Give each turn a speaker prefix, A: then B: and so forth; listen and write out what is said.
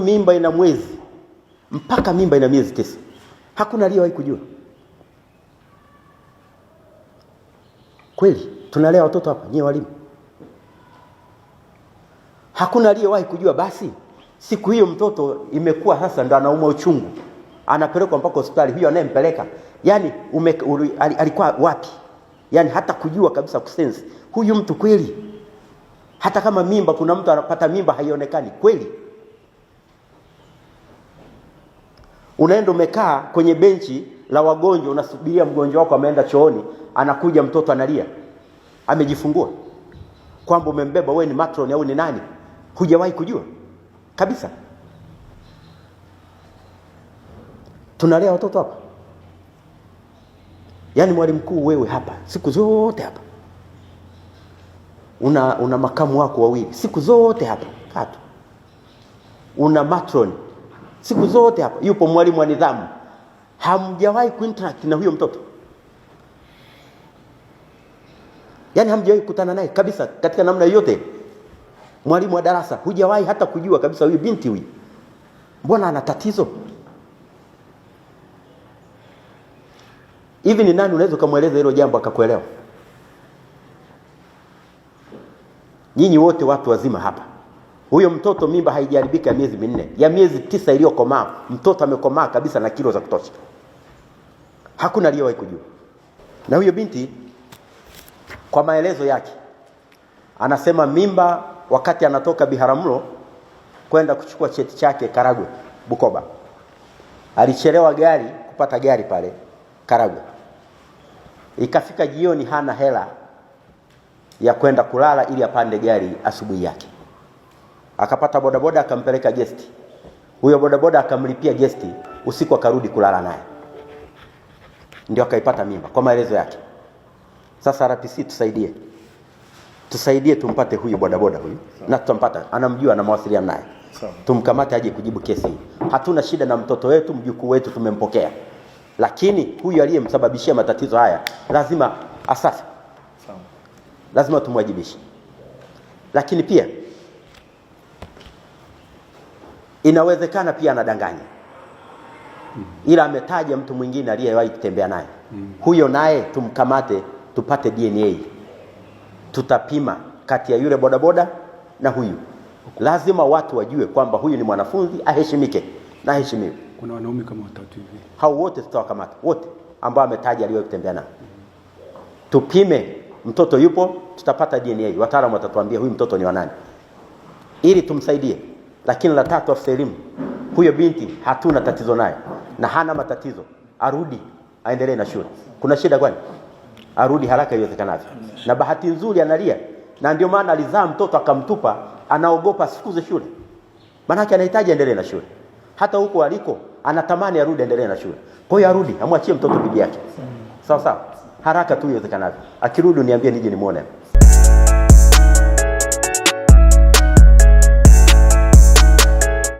A: mimba ina mwezi mpaka mimba ina miezi tisa, hakuna aliyewahi kujua. Kweli tunalea watoto hapa, nyie walimu, hakuna aliyewahi kujua. Basi siku hiyo mtoto imekuwa sasa ndo anauma uchungu, anapelekwa mpaka hospitali. Huyo anayempeleka yani ume, uri, alikuwa wapi? Yani hata kujua kabisa kusense huyu mtu kweli, hata kama mimba, kuna mtu anapata mimba haionekani kweli unaenda umekaa kwenye benchi la wagonjwa, unasubiria mgonjwa wako ameenda chooni, anakuja mtoto analia, amejifungua, kwamba umembeba wewe ni matron au ni nani? Hujawahi kujua kabisa. Tunalea watoto hapa, yaani mwalimu mkuu wewe hapa, siku zote hapa una, una makamu wako wawili siku zote hapa, tatu, una matron Siku zote hapa yupo mwalimu wa nidhamu, hamjawahi kuinteract na huyo mtoto, yaani hamjawahi kukutana naye kabisa katika namna yoyote. Mwalimu wa darasa hujawahi hata kujua kabisa huyu binti huyu mbona ana tatizo hivi. Ni nani unaweza ukamweleza hilo jambo akakuelewa? Nyinyi wote watu wazima hapa huyo mtoto mimba haijaharibika ya miezi minne, ya miezi tisa iliyokomaa, mtoto amekomaa kabisa na kilo za kutosha, hakuna aliyewahi kujua. Na huyo binti kwa maelezo yake anasema mimba wakati anatoka Biharamulo kwenda kuchukua cheti chake Karagwe Bukoba, alichelewa gari kupata gari pale Karagwe, ikafika jioni, hana hela ya kwenda kulala ili apande gari asubuhi yake akapata bodaboda akampeleka gesti, huyo bodaboda akamlipia gesti, usiku akarudi kulala naye, ndio akaipata mimba, kwa maelezo yake. Sasa RPC tusaidie, tusaidie tumpate huyu bodaboda huyu, na tutampata, anamjua na mawasiliano naye, tumkamate aje kujibu kesi hii. Hatuna shida na mtoto wetu, mjukuu wetu tumempokea, lakini huyu aliyemsababishia matatizo haya lazima asafi, lazima tumwajibishe, lakini pia Inawezekana pia anadanganya, ila ametaja mtu mwingine aliyewahi kutembea naye. Huyo naye tumkamate, tupate DNA, tutapima kati ya yule bodaboda na huyu. Lazima watu wajue kwamba huyu ni mwanafunzi, aheshimike na aheshimiwe. Kuna wanaume kama watatu hivi, hao wote tutawakamata wote ambao ametaja aliyewahi kutembea naye, tupime mtoto yupo, tutapata DNA, wataalamu watatuambia huyu mtoto ni wa nani, ili tumsaidie. Lakini la tatu, afisa elimu, huyo binti hatuna tatizo naye na hana matatizo, arudi aendelee na shule. Kuna shida kwani? Arudi haraka iwezekanavyo. Na bahati nzuri analia, na ndio maana alizaa mtoto akamtupa, anaogopa sifukuze shule, maanake anahitaji aendelee na shule. Hata huko aliko anatamani arudi aendelee na shule. Kwa hiyo arudi, amwachie mtoto bibi yake, sawa sawa, haraka tu iwezekanavyo. Akirudi niambie, nije nimuone.